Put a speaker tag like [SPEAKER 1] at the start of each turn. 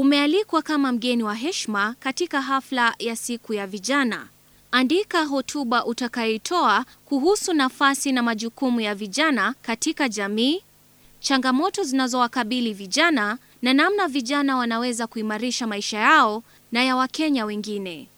[SPEAKER 1] Umealikwa kama mgeni wa heshima katika hafla ya siku ya vijana. Andika hotuba utakayoitoa kuhusu nafasi na majukumu ya vijana katika jamii, changamoto zinazowakabili vijana na namna vijana wanaweza kuimarisha maisha yao na ya Wakenya wengine.